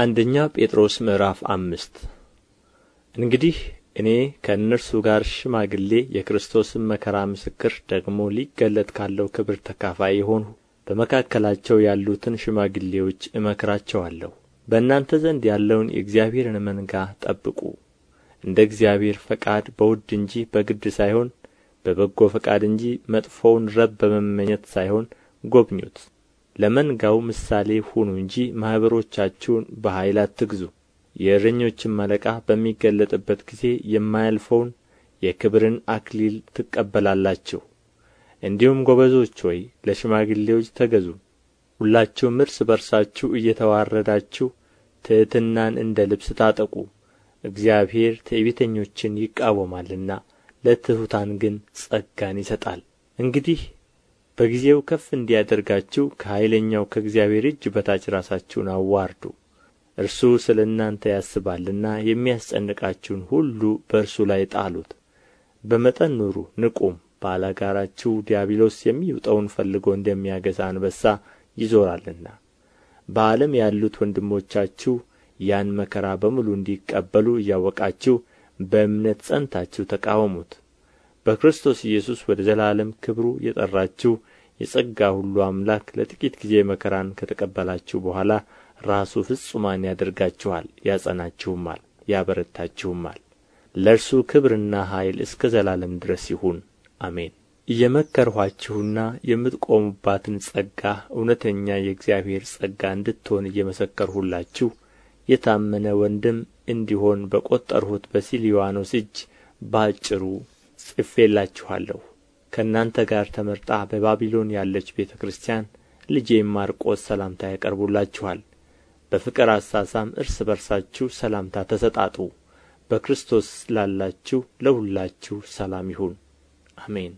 አንደኛ ጴጥሮስ ምዕራፍ አምስት እንግዲህ እኔ ከእነርሱ ጋር ሽማግሌ የክርስቶስን መከራ ምስክር ደግሞ ሊገለጥ ካለው ክብር ተካፋይ የሆንሁ በመካከላቸው ያሉትን ሽማግሌዎች እመክራቸዋለሁ። በእናንተ ዘንድ ያለውን የእግዚአብሔርን መንጋ ጠብቁ፣ እንደ እግዚአብሔር ፈቃድ በውድ እንጂ በግድ ሳይሆን በበጎ ፈቃድ እንጂ መጥፎውን ረብ በመመኘት ሳይሆን ጎብኙት። ለመንጋው ምሳሌ ሁኑ እንጂ ማኅበሮቻችሁን በኃይል አትግዙ። የእረኞችም አለቃ በሚገለጥበት ጊዜ የማያልፈውን የክብርን አክሊል ትቀበላላችሁ። እንዲሁም ጎበዞች ሆይ ለሽማግሌዎች ተገዙ። ሁላችሁም እርስ በርሳችሁ እየተዋረዳችሁ ትሕትናን እንደ ልብስ ታጠቁ። እግዚአብሔር ትዕቢተኞችን ይቃወማልና ለትሑታን ግን ጸጋን ይሰጣል። እንግዲህ በጊዜው ከፍ እንዲያደርጋችሁ ከኃይለኛው ከእግዚአብሔር እጅ በታች ራሳችሁን አዋርዱ እርሱ ስለ እናንተ ያስባልና የሚያስጨንቃችሁን ሁሉ በእርሱ ላይ ጣሉት በመጠን ኑሩ ንቁም ባላጋራችሁ ዲያብሎስ የሚውጠውን ፈልጎ እንደሚያገዛ አንበሳ ይዞራልና በዓለም ያሉት ወንድሞቻችሁ ያን መከራ በሙሉ እንዲቀበሉ እያወቃችሁ በእምነት ጸንታችሁ ተቃወሙት በክርስቶስ ኢየሱስ ወደ ዘላለም ክብሩ የጠራችሁ የጸጋ ሁሉ አምላክ ለጥቂት ጊዜ መከራን ከተቀበላችሁ በኋላ ራሱ ፍጹማን ያደርጋችኋል፣ ያጸናችሁማል፣ ያበረታችሁማል። ለእርሱ ክብርና ኃይል እስከ ዘላለም ድረስ ይሁን፣ አሜን። እየመከርኋችሁና የምትቆሙባትን ጸጋ እውነተኛ የእግዚአብሔር ጸጋ እንድትሆን እየመሰከርሁላችሁ የታመነ ወንድም እንዲሆን በቈጠርሁት በሲልዮዋኖስ እጅ ባጭሩ ጽፌላችኋለሁ ከእናንተ ጋር ተመርጣ በባቢሎን ያለች ቤተ ክርስቲያን ልጄም ማርቆስ ሰላምታ ያቀርቡላችኋል በፍቅር አሳሳም እርስ በርሳችሁ ሰላምታ ተሰጣጡ በክርስቶስ ላላችሁ ለሁላችሁ ሰላም ይሁን አሜን